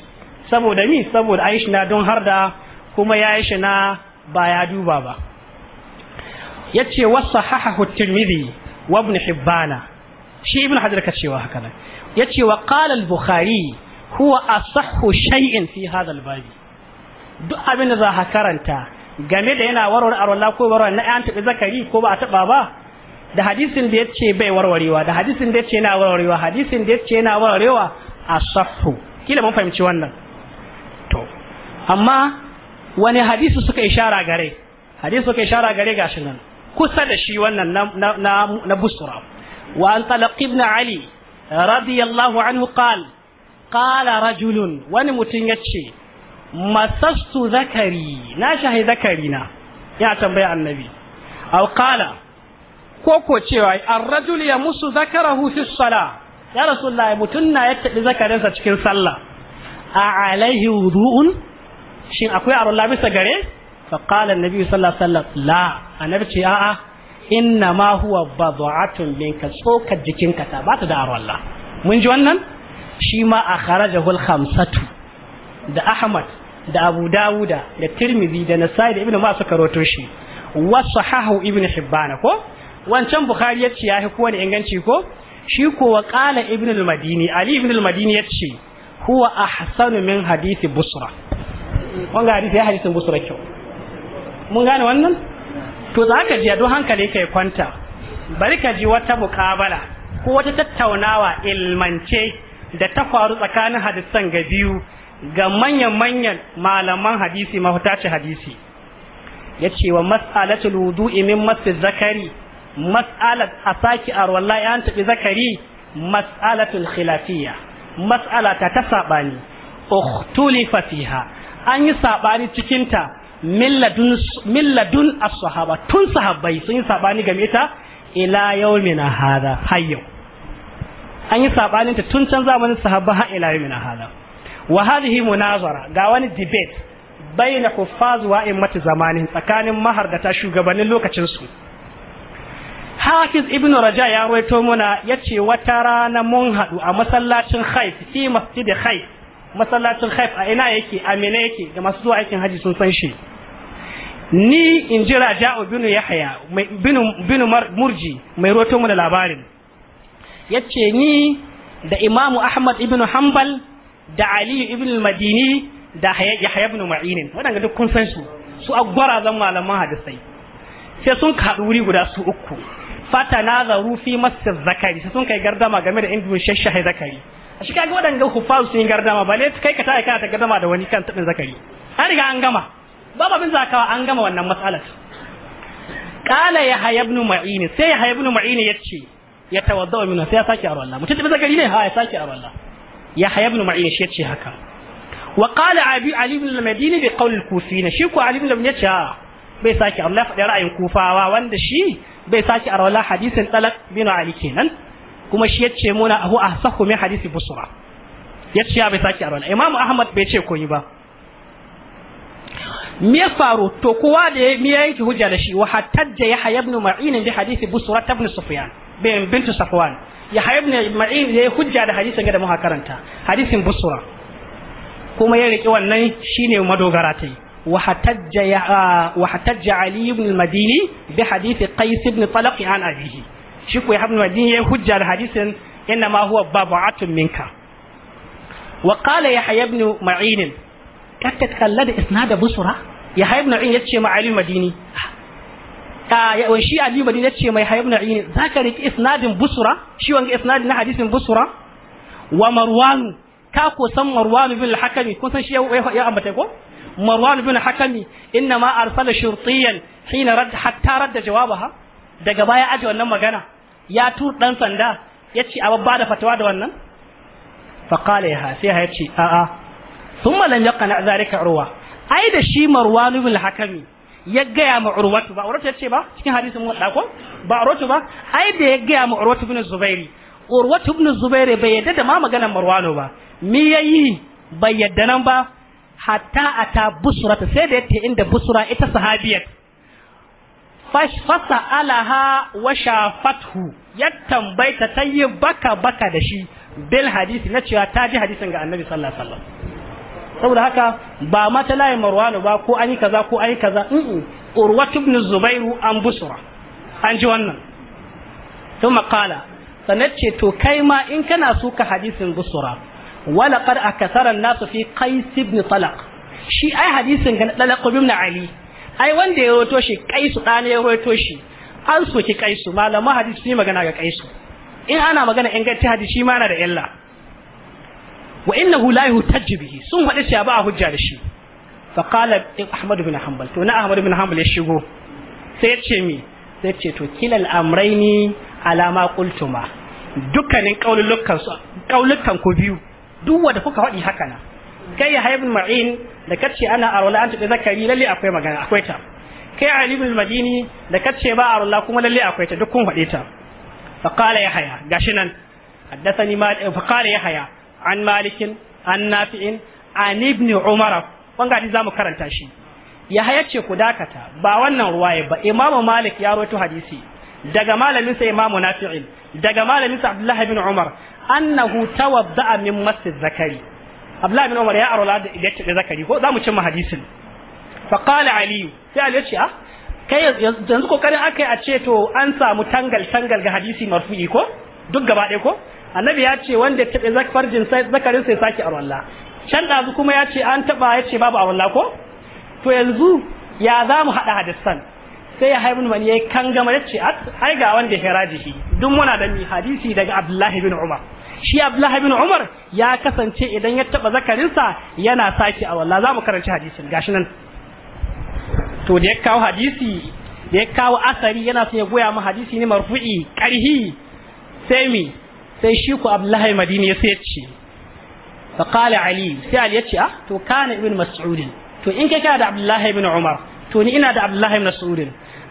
saboda ni saboda an na don har da kuma ya shi na ba ya duba ba ya ce wasu hahahu hutun midi wabni hibbana shi ibn hajar ka cewa haka nan ya ce wa qala bukhari huwa asahhu shay'in fi hadal al-babi duk abin da za ka karanta game da yana warware arwala ko warware na an taɓi zakari ko ba a taɓa ba da hadisin da ya ce bai warwarewa da hadisin da ya ce yana warwarewa hadisin da ya ce yana warwarewa a sahu kila mun fahimci wannan amma wani hadisu suka ishara gare hadisu suka ishara gare gashi nan kusa da shi wannan na na na busra wa an talaq ibn ali radiyallahu anhu qal qala rajulun wani mutum yace masastu zakari na shahi zakari na ya tambaya annabi aw qala ko ko cewa ar-rajul ya musu zakarahu fi sala ya rasulullah mutum na ya tabi zakarinsa cikin sallah a alaihi wudu'un shin akwai arwalla bisa gare fa qala annabi sallallahu alaihi wasallam la annabi ce a'a inna ma huwa bad'atun minka tsokar jikinka ta bata da arwalla mun ji wannan shi ma akhrajahu al-khamsatu da ahmad da abu dawuda da tirmidhi da nasai da ibnu ma suka roto shi wa sahahu ibnu hibban ko wancan bukhari ya ce yahi kowane inganci ko shi ko wa qala ibnu al-madini ali ibnu al-madini ya ce huwa ahsanu min hadisi busra wanga hadisi ya hadisin da kyau mun gane wannan to za ka ji don hankali kai kwanta bari ka ji wata mukabala ko wata tattaunawa ilmance da ta faru tsakanin hadisan ga biyu ga manyan-manyan malaman hadisi mahutaci hadisi ya ce wa mas'alatul wudu'i imin masjid zakari mas'alat asaki arwallah ya tafi zakari mas'alatul khilafiyya mas'ala ta saɓani sabani tuli fiha an yi saɓani cikinta milladun milladun as-sahaba tun sahabbai sun yi saɓani game ta ila mina hada hayyo an yi saɓaninta tun can zamanin sahabba har ila mina hada wa hadhihi munazara ga wani debate bayna zuwa wa mata zamanin tsakanin ta shugabannin lokacin su Hafiz ibn Raja ya rawaito muna yace wata rana mun hadu a masallacin Khayf fi masjid Khayf masallacin haif a ina yake a mene yake ga masu zuwa aikin haji sun san shi ni in jira ja'u binu yahya binu binu murji mai roto mu da labarin yace ni da imamu ahmad ibn hanbal da ali ibn al-madini da yahya ibn ma'in wadanda duk kun san su su agwara zan malaman hadisai sai sun kaɗu wuri guda su uku fata na zaru fi masjid zakari sai sun kai gardama game da inda shashshahi zakari shi kaga wadanda hufazu sun yi gardama ba ne kai ka ta aika ta gardama da wani kan tabin zakari an riga an gama ba babin zakawa an gama wannan matsalar qala ya hayabnu ma'in sai ya hayabnu ma'in yace ya tawadda min sai ya saki aro Allah mutum tabin zakari ne ha ya saki aro Allah ya hayabnu ma'in shi yace haka wa qala abi ali ibn al-madini bi qawl al-kufina shi ko ali ibn al-madini yace bai saki Allah ya faɗi ra'ayin kufawa wanda shi bai saki aro Allah hadisin talak bin ali kenan kuma shi ya yace muna abu ahsahu min hadisi busra yace ya bai saki a ranar imamu ahmad bai ce koyi ba me ya faru to kowa da ya miya yanki hujja da shi wa hatajja ya hayab ibn ma'in bi hadisi busra ibn sufyan bin bintu safwan ya hayab ibn ma'in ya hujja da hadisin da muka karanta hadisin busra kuma ya riki wannan shine madogara ta yi وحتج وحتج علي بن المديني بحديث قيس بن طلق عن أبيه shi ko ibn madini yayi hujja da hadisin inna ma huwa babatun minka wa qala yahya ibn kalla da kallada da busra yahya ibn ma'in yace ma ali madini ah, wa shi ali madini yace mai yahya ibn za zaka riki isnadin busra shi wanga isnadin na hadisin busra wa marwan ka ko san marwan bin al-hakami kun san shi ya ambata ko marwan bin al-hakami inna ma arsala shurtiyan hina rad hatta radda jawabaha daga baya aji wannan magana ya tur dan sanda ya ce a babba da fatawa da wannan qala ya sai ya ce a'a a thumma ya kana zalika urwa ai da shi marwanu bil hakami ya gaya ma urwatu ba urwatu ya ce ba cikin hadisin mun ko ba urwatu ba ai da ya gaya ma urwatu bin zubairi urwatu bin zubairi bai yadda da ma maganar marwanu ba mi yayi bai yadda nan ba hatta ata busra sai da yace inda busra ita sahabiyat fasa alaha wa shafathu ya tambaita ta yi baka baka da shi bil hadisi na cewa ta ji hadisin ga annabi sallallahu alaihi saboda haka ba mata layin marwanu ba ko an yi kaza ko an yi kaza urwatu ibn zubairu an busura an ji wannan To qala sannan ce to kai ma in kana so ka hadisin busura wala qad akasara an-nas fi qais ibn talaq shi ai hadisin ga talaq ibn ali ai wanda ya roto shi kaisu ɗana ya roto shi an soki kaisu malaman hadisi sun magana ga kaisu in ana magana in gatti hadisi shi ma na da illa wa innahu la yuhtajju bihi sun faɗi cewa ba hujja da shi fa qala ahmad bin hanbal to na ahmad bin hanbal ya shigo sai ya ce mi sai ya ce to kilal amraini ala ma qultuma dukkanin kaulukan ku biyu duk wanda kuka faɗi haka na kai ya haibul ma'in da kace ana arwala an tafi zakari lalle akwai magana akwai ta kai ali ibn madini da kace ba arwala kuma lalle akwai ta duk kun faɗe ta fa qala ya haya gashi nan haddathani ma fa qala ya haya an malikin an nafi'in an ibn umar wanga za mu karanta shi ya haya ce ku dakata ba wannan ruwaya ba imamu malik ya rawaito hadisi daga malamin sa imamu nafi'in daga malamin sa abdullah ibn umar annahu tawadda'a min masjid zakari abdullahi bin umar ya arola da ya zakari ko zamu cimma hadisin fa qala ali sai ali ya ce ah kai yanzu kokarin akai a ce to an samu tangal tangal ga hadisi marfu'i ko duk gaba ɗaya ko annabi ya ce wanda taɓe sai zakarin sai sake arwalla can ɗazu kuma ya ce an taba ya ce babu arwalla ko to yanzu ya za mu haɗa hadisan sai ya haibun mani ya yi kangama ya ce ai ga wanda ya shi duk muna da hadisi daga abdullahi bin umar shi abdullahi bin umar ya kasance idan ya taba zakarinsa yana sake a wallah za mu karanci hadisin gashi nan to da ya kawo hadisi da ya kawo asari yana son ya goya mu hadisi ne marfu'i karhi sai mi sai shi ku abdullahi madini ya sai ce fa qala ali sai ali ya ce ah to kana ibn mas'ud to in kai kana da abdullahi bin umar to ni ina da abdullahi bin mas'ud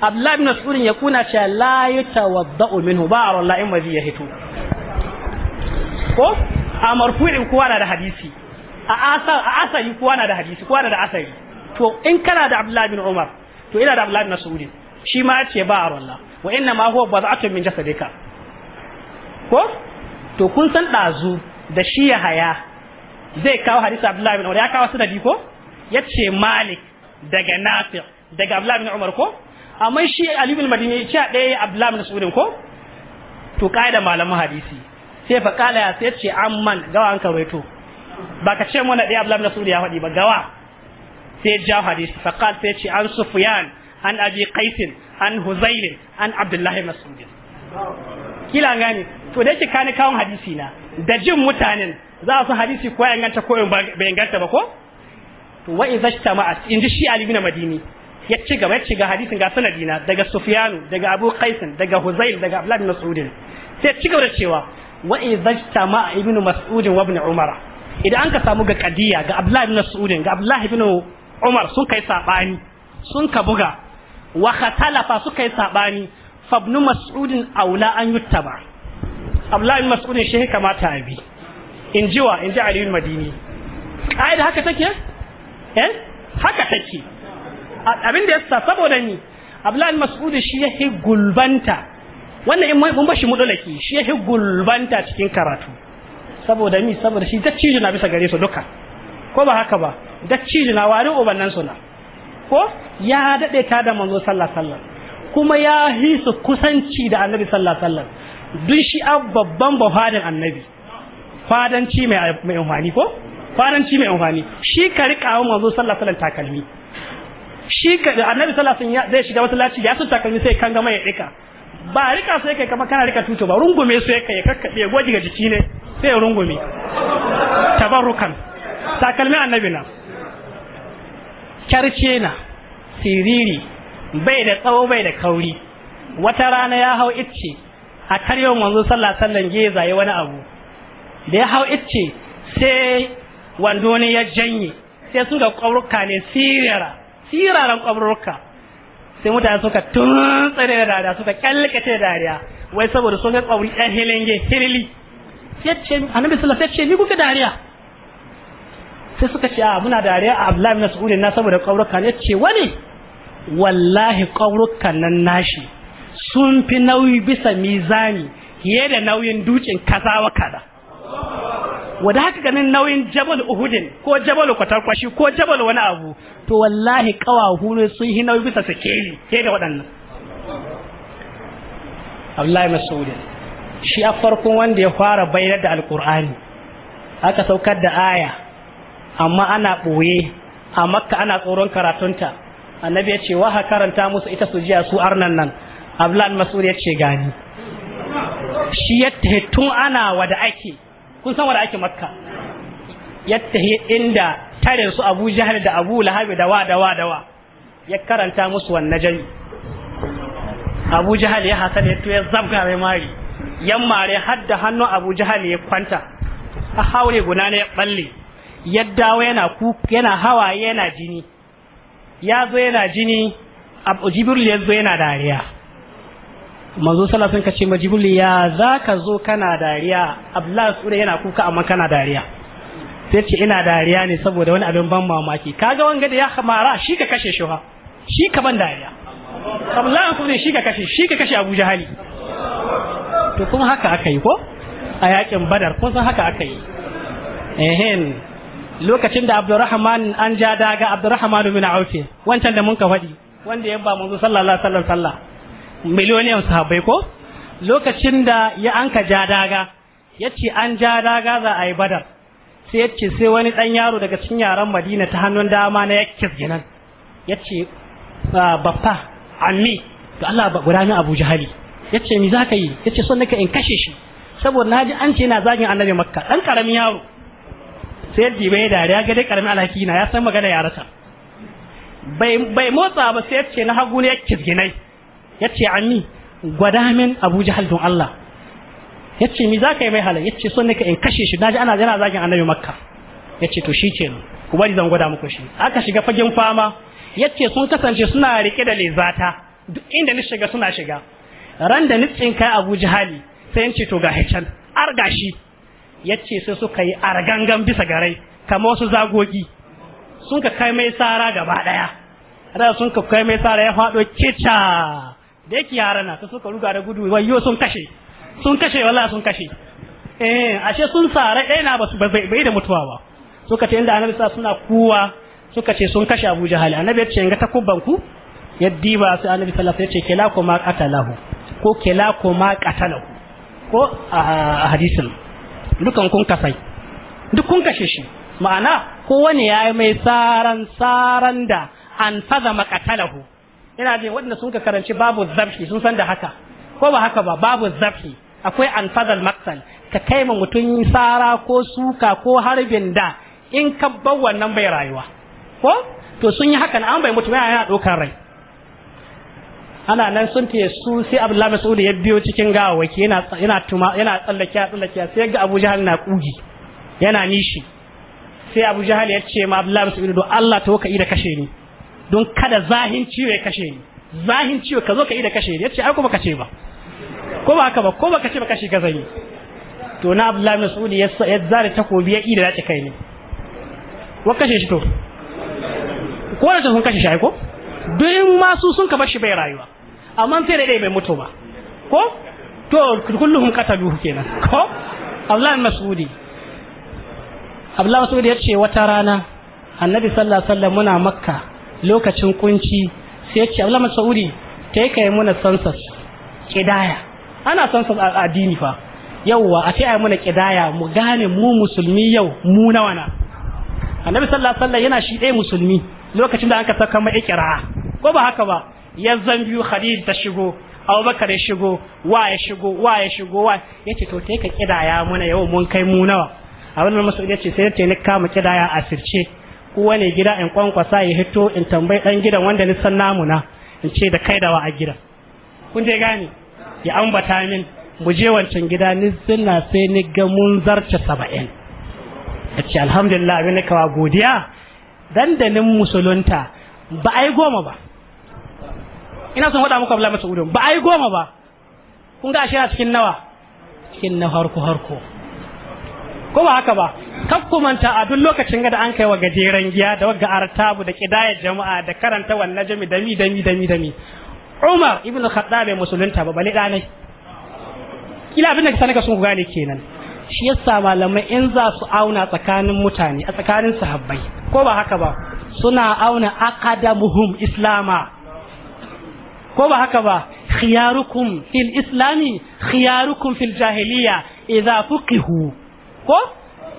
abdullahi bin mas'ud ya kuna cewa la yatawadda'u minhu ba Allah in wazi ya hito ko a marfu'in kowa na da hadisi a asar a asari kowa na da hadisi kowa na da asari to in kana da Abdullahi bin Umar to ina da Abdullahi bin Saudi shi ma ce ba a wallah wa inna ma huwa bad'atun min jasadika ko to kun san dazu da shi ya haya zai kawo hadisi Abdullahi bin Umar ya kawo sanadi ko yace Malik daga Nafi' daga Abdullahi bin Umar ko amma shi Ali bin Madini ya ce a ɗaya Abdullahi bin Saudi ko to kaida malamin hadisi sai fa kala ya sai ce amman gawa an kawaito ba ka ce mana dai Abdullah ibn ya faɗi ba gawa sai ja hadisi fa kala sai ce an Sufyan an Abi Qais an Huzayl an Abdullahi ibn kila gane to da yake kani kawon hadisi na da jin mutanen za su hadisi ko ya ganta ko bai ganta ba ko to wa idza ijtama'at in ji shi Ali ibn Madini ya ci gaba ya ci ga hadisin ga sanadina daga Sufyanu daga Abu Qais daga Huzayl daga abdullahi ibn sai ci gaba da cewa wa idza ma ibnu mas'ud wa ibnu umar idan an ka samu ga qadiya ga abdullahi ibn mas'ud ga abdullahi ibn umar sun kai sabani sun ka buga wa khatalafa sun kai sabani fa ibn mas'ud aula an yuttaba abdullahi ibn mas'ud shi kamata a bi in jiwa in ji Aliyu madini da haka take eh haka take abin da yasa saboda ni abdullahi mas'ud shi yake gulbanta wannan in mun bashi ki shi yake gulbanta cikin karatu saboda mi saboda shi dattijo na bisa gare su duka ko ba haka ba dattijo na wani ubannan suna ko ya dade ta da manzo sallallahu alaihi kuma ya hisu kusanci da annabi sallallahu alaihi duk shi babban bafadin annabi fadanci mai mai amfani ko fadanci mai amfani shi ka rika wa manzo sallallahu alaihi takalmi shi ka annabi sallallahu alaihi zai shiga masallaci ya su takalmi sai kanga mai dika ba rika sai kai kama kana rika tuto ba rungume su kai kakkabe gwaji ga jiki ne sai ya rungume tabarrukan takalmin annabi na kyarce na siriri bai da tsawo bai da kauri wata rana ya hau icce a karyon wanzu sallah sallan ya zaye wani abu da ya hau icce sai wando ne ya janye sai sun da kwabruka ne sirara siraran kwabruka sai mutane suka tuntsare da dariya suka kyalkace da dariya wai saboda sun ga kauri ɗan helenge helili yace annabi sallallahu sai wasallam ni kuka dariya sai suka ce a muna dariya a Abdullahi na Mas'ud na saboda kauruka ya yace wani wallahi kaurukan nan nashi sun fi nauyi bisa mizani fiye da nauyin dukin kasawa wa wanda haka ganin nauyin jabal uhudin ko jabal kwatarkwashi ko jabal wani abu to wallahi kawahu ne sun yi nauyi bisa sikeli ke da waɗannan Abdullahi Mas'udin shi a farkon wanda ya fara bayyana da alkur'ani aka saukar da aya amma ana ɓoye a makka ana tsoron karatunta annabi ya ce waha karanta musu ita su jiya su arnan nan abdullahi mas'ud ya ce gani shi ya tun ana wada ake kun san wanda ake makka yadda inda tare su abu jahal da abu lahabi da wa da wa da wa ya karanta musu wannan jari abu jahal ya hasan ya tuya zabga mai mari yan mare har da hannun abu jahal ya kwanta a haure guna ne ya balle ya dawo yana ku yana hawa yana jini ya zo yana jini jibril ya zo yana dariya manzo sallallahu alaihi wasallam ce ma ya zaka zo kana dariya Abdullahi sura yana kuka amma kana dariya sai ce ina dariya ne saboda wani abin ban mamaki kaga wanga da ya mara shi ka kashe shi shi ka ban dariya Abdullahi sura shi ka kashe shi ka kashe abu jahali to kuma haka aka yi ko a yakin badar kun san haka aka yi ehen lokacin da abdurrahman an ja daga abdurrahman bin auf wancan da mun ka faɗi wanda ya ba manzo sallallahu alaihi wasallam sallah miliyoniyan sahabbai ko lokacin da ya anka ja daga ce an ja daga za a yi badar sai ya ce sai wani dan yaro daga cikin yaren Madina ta hannun dama na yakkis ginan ce. Ah, Bappa, ammi to Allah ba guda ni Abu Jahali ce mi zaka yi ya ce son naka in kashe shi saboda na ji an ce yana zagin Annabi Makka dan karamin yaro sai yadda bai dariya ga dai karamin alhaki na ya san magana yarata bai bai motsa ba sai ya ce na hagu ne yakkis ginai yace ammi gwada min Abu Jahal don Allah yace mi zaka yi mai halal yace son ka in kashe shi naji ana yana zagin Annabi Makka yace to shikenan ku bari zan gwada muku shi aka shiga fagen fama yace sun kasance suna rike da lezata duk inda ni shiga suna shiga ran da nitsin kai Abu Jahali sai yace to ga arga shi yace sai suka yi argangan bisa garai kamar wasu zagogi sun ka kai mai sara gaba daya da sun ka kai mai sara ya faɗo kica da yake yara na su suka ruga da gudu wayo sun kashe sun kashe wallahi sun kashe eh ashe sun sare dai na ba su bai da mutuwa ba suka ce inda annabi sa suna kuwa suka ce sun kashe Abu Jahal annabi ya ce ga takubban ku yaddi ba sai annabi sallallahu alaihi wasallam ya ce kila kuma qatalahu ko kila kuma qatalahu ko a hadisin dukan kun kasai duk kun kashe shi ma'ana kowane ya yi mai saran saran da an faza makatalahu ina jin waɗanda sun ka karanci babu zarfi sun san da haka ko ba haka ba babu zarfi akwai anfazal maksal ka kai ma mutum sara ko suka ko harbin da in ka bar wannan bai rayuwa ko to sun yi haka an bai mutu yana ɗaukar rai ana nan sun ce su sai abdullahi mas'ud ya biyo cikin gawawaki yana yana tuma yana tsallake a tsallake sai ga abu jahal na kugi yana nishi sai abu jahal ya ce ma abdullahi mas'ud do Allah ta ka ida kashe ni don kada zahin ciwo ya kashe ni zahin ciwo ka zo ka yi da kashe ni yace ai kuma kace ba ko ba haka ba ko ba kace ba kashe ka zani to na Abdullahi ibn Mas'ud ya zare takobi ya ida dace kai ne wa kashe shi to ko da sun kashe shi ko duk ma su sun ka bar shi bai rayuwa amma sai da dai bai mutu ba ko to kulluhum qataluhu kenan ko Abdullahi Mas'udi Abdullahi Mas'udi ya ce wata rana Annabi sallallahu alaihi wasallam muna Makka lokacin kunci sai ya ce Abdullahi wuri ta yi kayan muna sansas kidaya ana sansas a addini fa yauwa a ta yi muna kidaya mu gane mu musulmi yau mu nawa na annabi sallallahu alaihi yana shi ɗaya musulmi lokacin da aka saka mai ikra ko ba haka ba ya zan biyu Khalid ta shigo Abubakar ya shigo wa ya shigo wa ya shigo wa yace to ka kidaya muna yau mun kai mu nawa abin da masu yace sai ta ni kama kidaya sirce ne gida in kwankwasa ya hito in tambayi dan gidan wanda nisan namu namuna in ce da kai dawa a gida kun je gane ya ambata min mu je wancan gida ni suna sai ni ga mun zarce saba'in a ce alhamdulillah abin da kawa godiya dandalin musulunta ba a yi goma ba ina son faɗa muku abdullahi mas'udun ba a yi goma ba kun ga ashe a cikin nawa cikin na harko harko ko ba haka ba kakkumanta a duk lokacin da an kai wa gajeren giya da wagga artabu da kidayar jama'a da karanta wa najmi dami dami dami dami Umar ibn Khattab bai musulunta ba bale dane kila abin da ka sanaka sun gane kenan shi yasa malamai in za su auna tsakanin mutane a tsakanin sahabbai ko ba haka ba suna auna aqadamuhum islama ko ba haka ba khiyarukum fil islami khiyarukum fil jahiliya idza fuqihu ko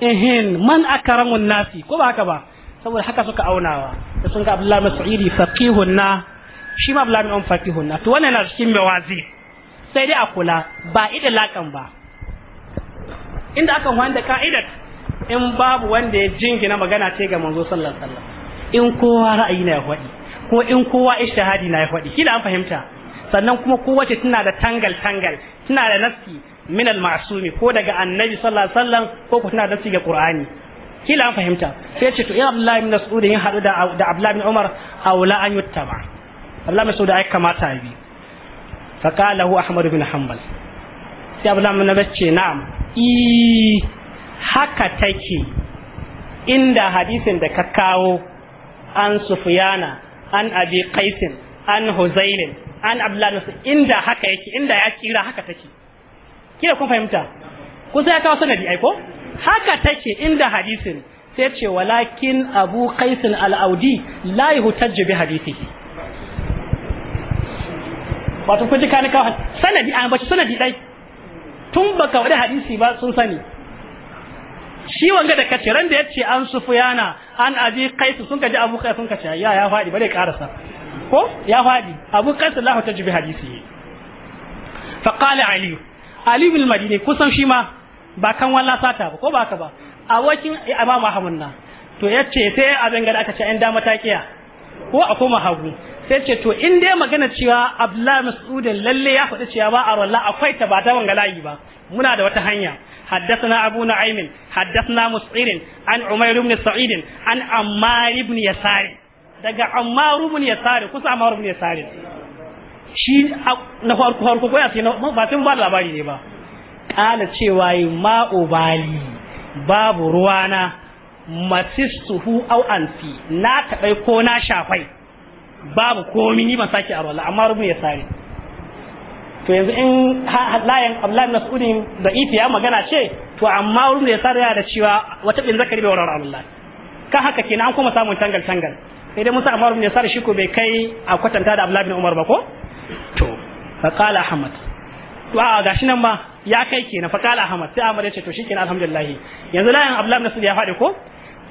ehin man akaramun nasi ko ba haka ba saboda haka suka aunawa da sun ga Abdullahi Mas'udi faqihun na shi ma Abdullahi on faqihun na to wannan na cikin mawazi sai dai a kula ba ida lakan ba inda aka wanda ka'idar in babu wanda ya jingina magana ce ga manzo sallallahu alaihi in kowa ra'ayi na ya faɗi ko in kowa ishtihadi na ya faɗi kila an fahimta sannan kuma kowace tana da tangal tangal tana da naski. min al-ma'sumi ko daga annabi sallallahu alaihi wasallam ko ku tana da cikin qur'ani kila an fahimta sai ce to in abdullahi bin mas'ud ya hadu da da abdullahi bin umar la an yuttaba abdullahi mas'ud ai kamata yi fa qala hu ahmad bin hanbal sai abdullahi bin mas'ud ce na'am i haka take inda hadisin da ka kawo an sufyana an abi qaisin an huzailin an abdullahi inda haka yake inda ya kira haka take kila kun fahimta kun sai kawo sanadi ai ko haka take inda hadisin sai ce walakin abu qais al-audi la yuhtajju bi hadithihi wato kun ji kani kawo sanadi an bace sanadi dai tun baka wada hadisi ba sun sani shi wanga da kace ran da yace an sufyana an abi qais sun ka ji abu qais sun ka kace ya ya fadi bare karasa ko ya fadi abu qais la yuhtajju bi hadithihi فقال علي Ali bin Madini kusan shi ma ba kan walla sata ba ko ba haka ba a wakin Imam Ahmad na to yace sai abin da aka ce an dama takiya ko a koma hagu sai ce to in dai magana cewa Abdullah Mas'ud lalle ya faɗi cewa ba a walla akwai ta ba ta wanga ba muna da wata hanya حدثنا أبو نعيم حدثنا مسعير عن عمير بن سعيد عن عمار بن يسار دقى عمار بن يسار kusa عمار بن يسار shi na farko farko ko ya ce ba tun ba labari ne ba kala cewa yi ma bali babu ruwana masistuhu au anfi na kaɗai ko na shafai babu komi ni ban sake arwala amma rubu ya sare to yanzu in layan abdullahi mas'udin da ifi ya magana ce to amma rubu ya sare da cewa wata ɓin zakari bai warar abdullahi ka haka kenan an kuma samun tangal tangal sai dai musa amma rubu ya sare shi ko bai kai a kwatanta da abdullahi umar ba ko to fa qala ahmad wa gashi nan ma ya kai kenan fa qala ahmad sai ahmad ya ce to shikenan alhamdulillah yanzu layin abdullahi ibn ya faɗi ko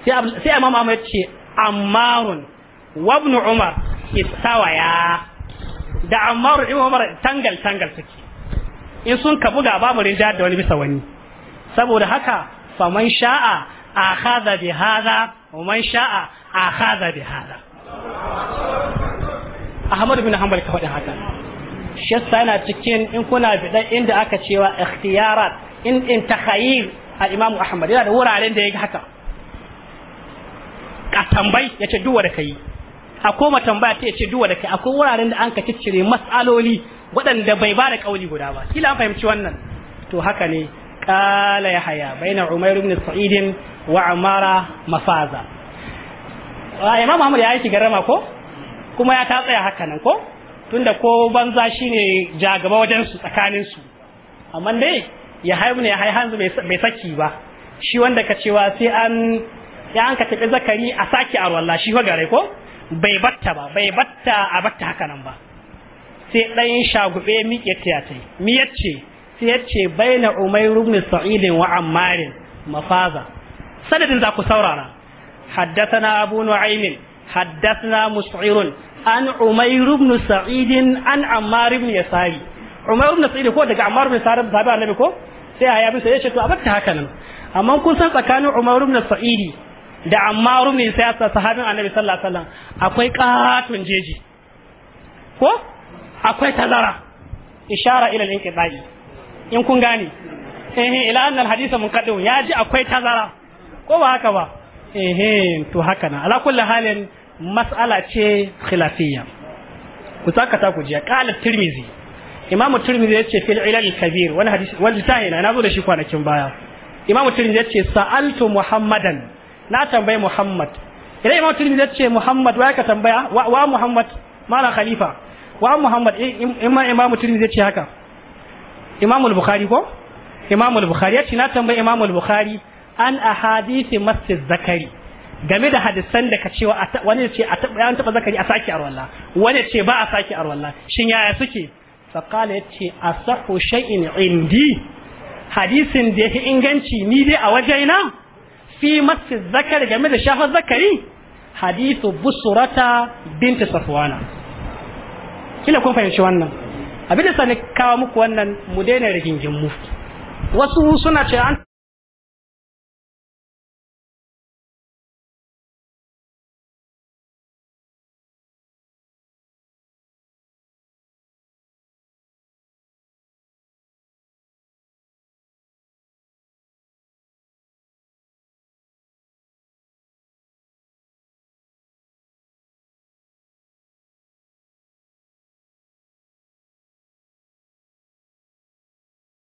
sai sai imam ahmad ya ce ammarun wa ibn umar istawaya da ammar ibn umar tangal tangal suke in sun ka buga babu rinja da wani bisa wani saboda haka fa man sha'a akhadha bi hadha wa man sha'a akhadha bi hadha Ahmad bin Hanbal ka faɗi haka shi yana cikin in kuna bidan inda aka cewa ikhtiyarat in in takhayyir al-Imam Ahmad yana da wuraren da yake haka ka tambayi yace duwa da kai a koma tambaya ta yace duwa da kai akwai wuraren da an ka ciccire mas'aloli waɗanda bai ba da kauli guda ba kila an fahimci wannan to haka ne قال يحيى بين عمير بن سعيد وعمارة مفازة الإمام محمد يعيش كرمه كو kuma ya ta tsaya haka nan ko tunda ko banza shine ja gaba wajen su tsakanin su amma dai ya haihu ne ya haihu hanzu bai saki ba shi wanda ka cewa sai an ya an ka tafi zakari a saki a wallahi shi gare ko bai batta ba bai batta a batta haka nan ba sai ɗan shagube miƙe tiyatai miyar ce sai yace baina umairu bin sa'id wa ammar mafaza sanadin za ku saurara حدثنا أبو نعيم حدثنا مسعير عن عمير بن سعيد عن عمار بن يساري عمير بن سعيد ko daga Ammar bin Sarib sahabi annabi ko sai haya bin sai ya ce to a barta haka nan amma kun san tsakanin Umar ibn Sa'id da Ammar bin Sa'id sahabin annabi sallallahu alaihi wasallam akwai katun jeji ko akwai tazara ishara ila al-inqidai in kun gane eh ila anna al-hadith munqadi ya ji akwai tazara ko ba haka ba eh to haka nan ala kulli halin mas'ala ce khilafiyya ku tsakata ta jiya qala tirmizi imamu tirmizi yace fil ilal kabir wani hadisi wani tahi na nazo da shi kwanakin baya imamu tirmizi yace sa'altu muhammadan na tambayi muhammad idan imamu tirmizi yace muhammad wa ka tambaya wa muhammad mala khalifa wa muhammad imma imamu tirmizi yace haka imamu al-bukhari ko imamu al-bukhari yace na tambayi imamu al-bukhari an ahadisi masjid zakari game da hadisan da ka ce wani ce an taɓa zakari a saki arwalla wani ce ba a saki arwalla shin yaya suke faqala yace asahu shay'in indi hadisin da ya fi inganci ni dai a wajena fi masu zakari game da shafar zakari hadisu busurata binta safuwana. kila kun fahimci wannan abin da sani kawo muku wannan mu daina mu wasu suna ce an